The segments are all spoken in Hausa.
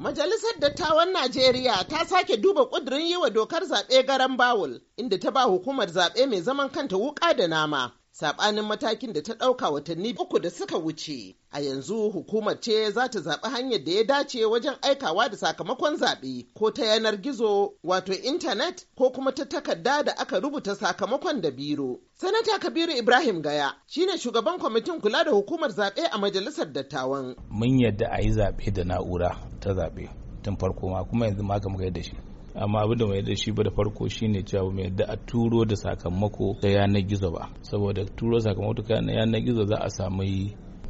Majalisar Dattawan Najeriya ta sake duba ƙudurin yi wa dokar zaɓe garan bawul, inda ta ba hukumar zaɓe mai zaman kanta wuƙa da nama. saɓanin matakin da ta ɗauka watanni uku da suka wuce. A yanzu hukumar ce za ta zaɓi hanyar da ya dace wajen aikawa da sakamakon zaɓe ko ta yanar gizo wato intanet ko kuma ta takarda da aka rubuta sakamakon da biro. Sanata Kabiru Ibrahim Gaya shine shugaban kwamitin kula da hukumar zaɓe a majalisar dattawan. Mun yadda a yi zaɓe da na'ura ta zaɓe tun farko ma kuma yanzu ma muka yadda shi. amma abin da mai da shi ba da farko shine cewa mai yadda a turo da sakamako ta yanar gizo ba saboda turo sakamako ta yanar gizo za a samu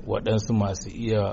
waɗansu masu iya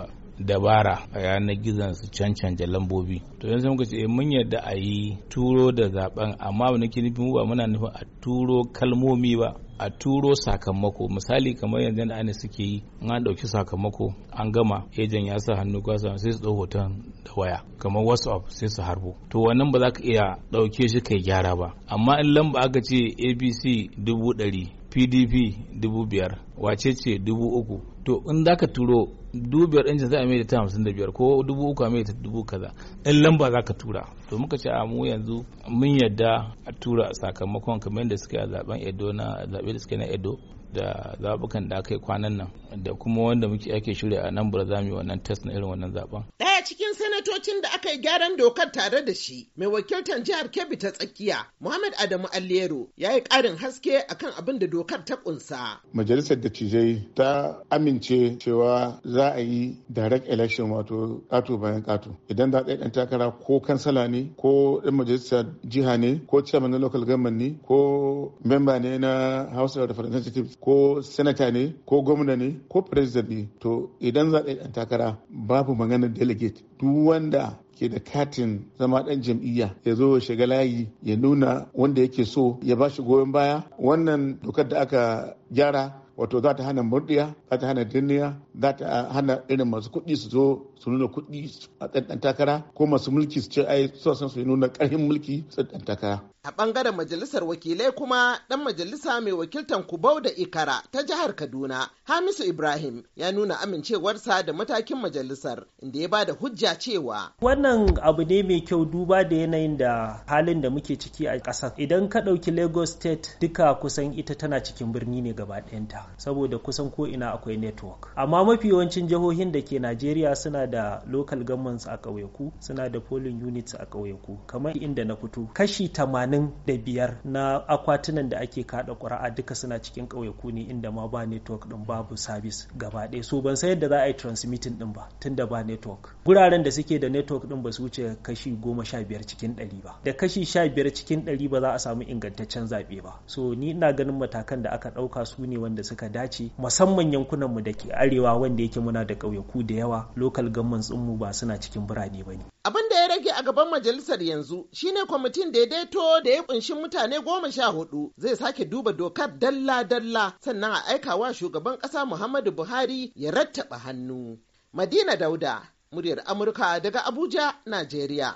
dabara a yanar gizon su cancanta lambobi to yanzu muka ce eh, mun yadda a yi turo da zaben amma wani nake ba muna nufin a turo kalmomi ba a turo sakamako misali kamar yanzu da ana suke yi in an ɗauki sakamako an gama ejen ya sa hannu kwasa sai su ɗau hoton da waya kamar whatsapp sai su harbo to wannan ba za ka iya ɗauke shi kai gyara ba amma in lamba aka ce abc dubu ɗari pdp dubu biyar wace ce dubu uku to in za ka turo dubu biyar ɗin za a mai da ta hamsin da biyar ko dubu uku a mai da dubu kaza in lamba za ka tura to muka ce a mu yanzu mun yadda a tura sakamakon kamar da suke a zaben edo na zaɓe da suke na edo da zabukan da aka yi kwanan nan da kuma wanda muke ake shirya a nan za mu yi wannan test na irin wannan zaɓen. Ɗaya cikin sanatocin da aka yi gyaran dokar tare da shi mai wakiltar jihar Kebbi ta tsakiya Muhammad Adamu Allero ya yi karin haske akan abin da dokar ta ƙunsa. Majalisar dattijai ta amince cewa za a yi direct election wato kato bayan kato idan a ɗaya ɗan takara ko kansala ne ko ɗan majalisar jiha ne ko chairman na local government ne ko memba ne na House of Representatives ko senata ne ko gwamna ne ko president ne to idan za a takara babu maganar delegate duk wanda ke da katin zama ɗan jam'iyya ya zo ya shiga layi ya nuna wanda yake so ya bashi goyon baya wannan dokar da aka gyara wato za ta hana murdiya za ta hana duniya za ta hana irin masu kuɗi su zo su nuna kuɗi a ɗanɗan takara ko masu mulki su ce ai su san su nuna ƙarfin mulki su ɗan takara. a ɓangaren majalisar wakilai kuma ɗan majalisa mai wakiltan kubau da ikara ta jihar kaduna hamisu ibrahim ya nuna amincewarsa da matakin majalisar inda ya ba da hujja cewa wannan abu ne mai kyau duba da yanayin da halin da muke ciki a ƙasar idan ka ɗauki lagos state duka kusan ita tana cikin birni ne gaba ɗayanta saboda kusan ko ina akwai network amma mafi yawancin jihohin da ke Najeriya suna da local governments a ƙauyaku suna da polling units a ƙauyaku kamar inda na fito kashi 85 na akwatunan da ake kada ƙuri'a duka suna cikin ƙauyaku ne inda ma ba network din babu service gaba ɗaya so ban san yadda za a yi transmitting din ba tunda ba network guraren da suke da network din ba su wuce kashi 15 cikin 100 ba da kashi 15 cikin 100 ba za a samu ingantaccen zaɓe ba so ni ina ganin matakan da aka ɗauka su ne wanda su suka dace musamman yankunan mu da ke arewa wanda yake muna da ƙauyaku da yawa local governments mu ba suna cikin birane ba ne. Abin da ya rage a gaban majalisar yanzu shine kwamitin daidaito da ya kunshi mutane goma sha hudu zai sake duba dokar dalla-dalla sannan a aika wa shugaban ƙasa Muhammadu Buhari ya rattaba hannu. Madina Dauda, muryar Amurka daga Abuja, Najeriya.